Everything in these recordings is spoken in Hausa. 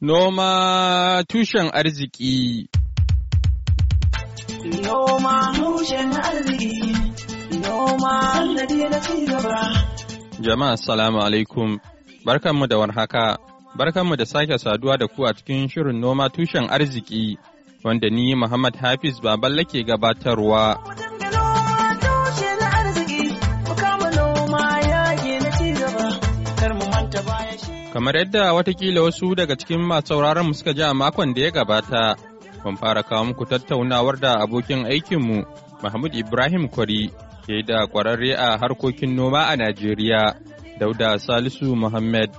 Noma tushen arziki Noma tushen arziki Noma na gaba. Jama'a salamu alaikum barkanmu da warhaka barkanmu da sake saduwa da ku a cikin shirin noma tushen arziki wanda ni Muhammad Hafiz Baballe ke gabatarwa. Kamar yadda watakila wasu daga cikin masu sauraron mu suka ji a makon da ya gabata, mun fara kawo muku tattaunawar da abokin aikinmu Mahmud Ibrahim Kwari ke da kwararre a harkokin noma a Najeriya, Dauda Salisu Muhammad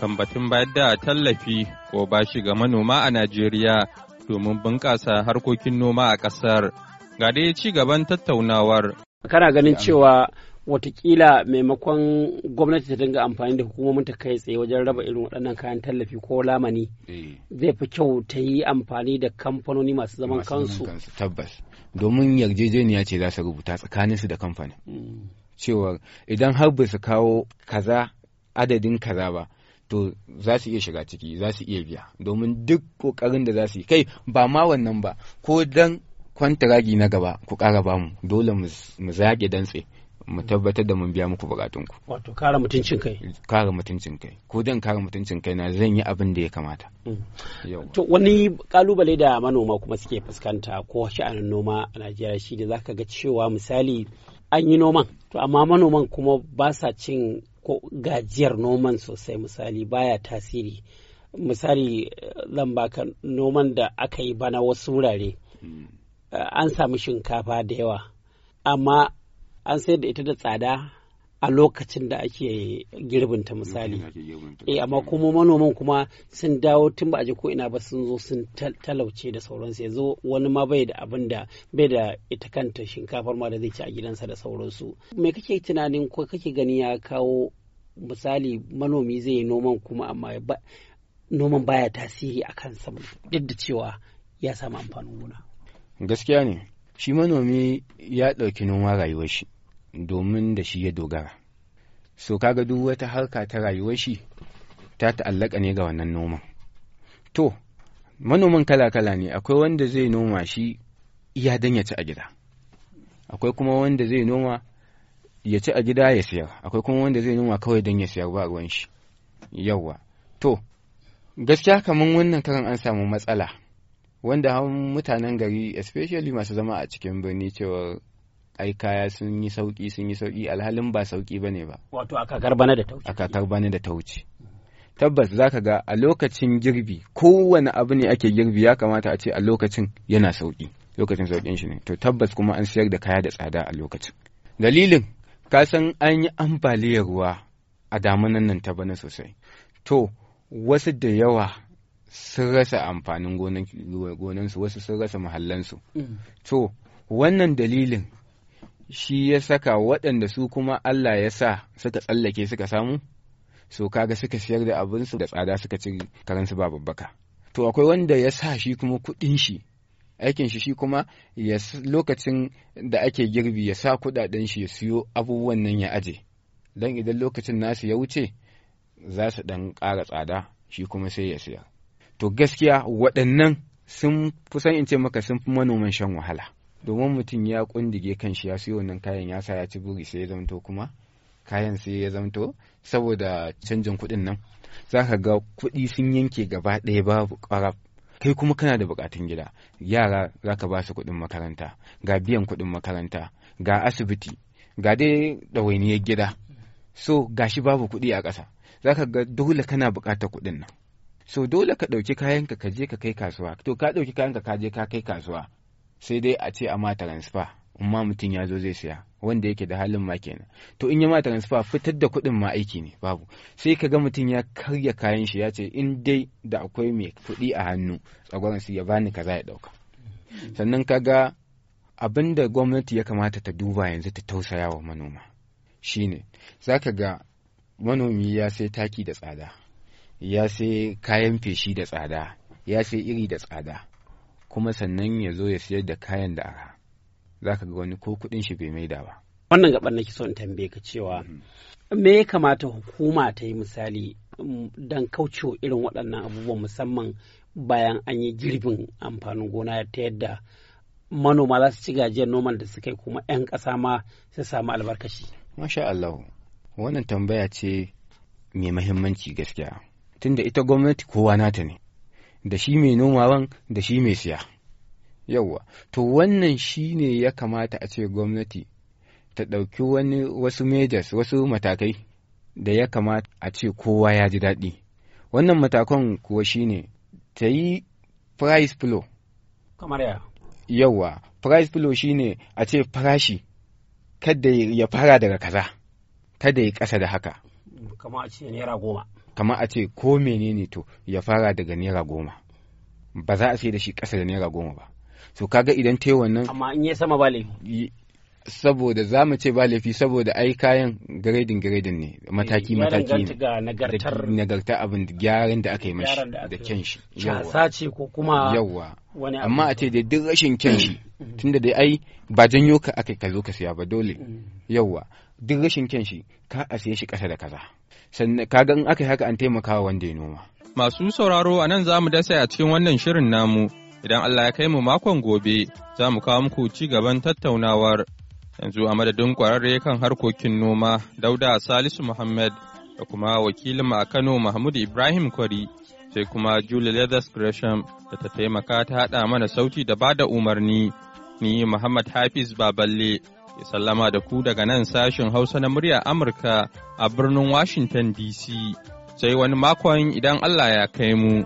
kan batun bayar da tallafi ko bashi ga manoma a Najeriya domin bunƙasa harkokin noma a ƙasar. Ga dai ci gaban tattaunawar. Kana ganin cewa watakila maimakon gwamnati ta dinga amfani da hukumomin ta kai tsaye wajen raba irin waɗannan kayan tallafi ko lamani eh. zai fi kyau ta yi amfani da kamfanoni masu zaman kansu tabbas domin yarjejeniya ce za su rubuta tsakanin su da kamfanin mm. cewa idan har ba su kawo kaza adadin kaza ba to za su iya shiga ciki za su iya biya domin duk kokarin da za su yi kai ba ma wannan ba ko dan kwantaragi na gaba ku ƙara bamu dole mu zage dantse mu tabbatar da mun biya muku bukatunku. Wato kare mutuncin kai. Kare mutuncin kai. Ko dan kare mutuncin kai na zan yi abin da ya kamata. Mm. To wani kalubale da manoma kuma suke fuskanta ko sha'anin noma a Najeriya shi da zaka ga cewa misali an yi noman to amma manoman kuma ba sa cin ko gajiyar noman sosai misali baya tasiri. Misali zan baka noman da aka yi bana wasu wurare. Mm. An samu shinkafa da yawa amma an sayar da ita da tsada a lokacin da ake girbin ta misali eh amma kuma manoman kuma sun dawo tun ba a je ko ina ba sun zo sun talauce da sauransu yanzu wani ma bai da abin da bai da ita kanta shinkafar ma da zai ci a gidansa da sauransu me kake tunanin ko kake gani ya kawo misali manomi zai yi noman kuma amma noman baya tasiri a kansa duk da cewa ya samu amfanin gona gaskiya ne shi manomi ya ɗauki noma rayuwar shi domin da shi ya dogara so kaga duk wata harka ta rayuwar shi ta ta'allaka ne ga wannan noman to manoman kala-kala ne akwai wanda zai noma shi iya dan ya ci a gida akwai kuma wanda zai noma ya ci a gida ya siyar akwai kuma wanda zai noma kawai dan ya siyar ba ruwan shi Yawwa. to gaskiya kamar wannan karan an samu matsala wanda mutanen gari especially masu zama a cikin birni cewa ai kaya sun yi sauki sun yi sauki alhalin ba sauki bane ba wato a kakar bana da ta wuce a kakar bana da ta wuce tabbas zaka ga a lokacin girbi kowane abu ne ake girbi ya kamata a ce a lokacin yana sauki lokacin saukin shi ne to tabbas kuma an sayar da kaya da tsada a lokacin dalilin ka san an yi ambaliyar ruwa a damunan nan ta bana sosai to wasu da yawa sun rasa amfanin gonansu wasu sun rasa mahallansu. Mm. To, wannan dalilin shi ya saka waɗanda su kuma Allah ya sa suka tsallake suka samu so kaga suka siyar da abinsu da tsada suka ci karansu ba babbaka to akwai wanda ya sa shi kuma kuɗin shi aikin shi shi kuma lokacin da ake girbi ya sa kuɗaɗen shi ya siyo abubuwan nan ya aje don idan lokacin nasu ya wuce za su ɗan ƙara tsada shi kuma sai ya siyar to gaskiya waɗannan sun in ce maka sun fi manoman shan wahala domin mutum ya kundige kanshi ya siyo wannan kayan ya sa ya ci buri sai ya zamto kuma kayan sai ya zamto saboda canjin kuɗin nan za ka ga kuɗi sun yanke gaba ɗaya babu ƙarab kai kuma kana da bukatun gida yara za ka ba su kuɗin makaranta ga biyan kuɗin makaranta ga asibiti ga dai ɗawainiyar gida so gashi babu kuɗi a ƙasa za ka ga dole kana buƙatar kuɗin nan so dole ka ɗauki kayanka ka je ka kai kasuwa to ka ɗauki kayanka ka je ka kai kasuwa sai dai a ce a ma transfer in ma mutum ya zo zai saya wanda yake da halin ma kenan to in ya ma transfer fitar da kuɗin ma aiki ne babu sai ka ga mutum ya karya kayan shi ya ce in dai da akwai mai kuɗi a hannu tsagwaron su ya bani kaza ya ɗauka sannan ka ga abin da gwamnati ya kamata ta duba yanzu ta tausaya wa manoma shine za ka ga manomi ya sai taki da tsada ya sai kayan feshi da tsada ya sai iri da tsada kuma sannan ya zo ya siyar da kayan da arha za ka ga wani ko kuɗin shi bai maida ba wannan gaban nake son tambaye ka cewa mm-hmm. me ya kamata hukuma ta yi misali mm, don kaucewa irin waɗannan abubuwan musamman bayan an yi girbin amfanin gona ta yadda manoma za su ci gajiyar noman da suka yi kuma 'yan ƙasa ma su samu albarkashi. Masha Allah, wannan tambaya ce mai mahimmanci gaskiya. Tunda ita gwamnati kowa nata ne, da shi mai nomawan da shi mai siya yauwa to wannan shi ne ya kamata a ce gwamnati ta ɗauki wani wasu majors wasu matakai da ya kamata a ce kowa ya ji daɗi wannan matakan kuwa shi ne ta yi price flow kamar ya yauwa price flow shi ne a ce farashi kada ya fara daga kaza kada ya ƙasa da haka kama a ce naira goma kama a ce ko menene to ya fara daga naira goma ba za a sai da shi ƙasa da naira goma ba so kaga idan ta yi wannan amma in yi sama ba laifi saboda za mu ce ba laifi saboda ai kayan giredin giredin ne mataki mataki ne nagartar abin gyaran da aka yi mashi da kyan shi yawa ko kuma yawa amma a ce da duk rashin kyan shi Mhm. tunda dai ai ba janyo ka aka ka zo ka siya ba dole mhm. yawwa duk rashin kyan shi ka a siya shi kasa da kaza sannan kaga in aka yi haka an taimakawa wanda ya noma masu sauraro a nan za mu dasa a cikin wannan shirin namu idan Allah ya kai mu makon gobe za mu kawo muku ci gaban tattaunawar yanzu a madadin kwararre kan harkokin noma dauda salisu muhammad da kuma wakilin a kano mahmud ibrahim kwari sai kuma julie leathers gresham da ta taimaka ta haɗa mana sauti da bada umarni Ni Muhammad Hafiz Baballe ya sallama da ku daga nan sashen Hausa na murya Amurka a birnin Washington DC. Sai wani makon idan Allah ya kai mu.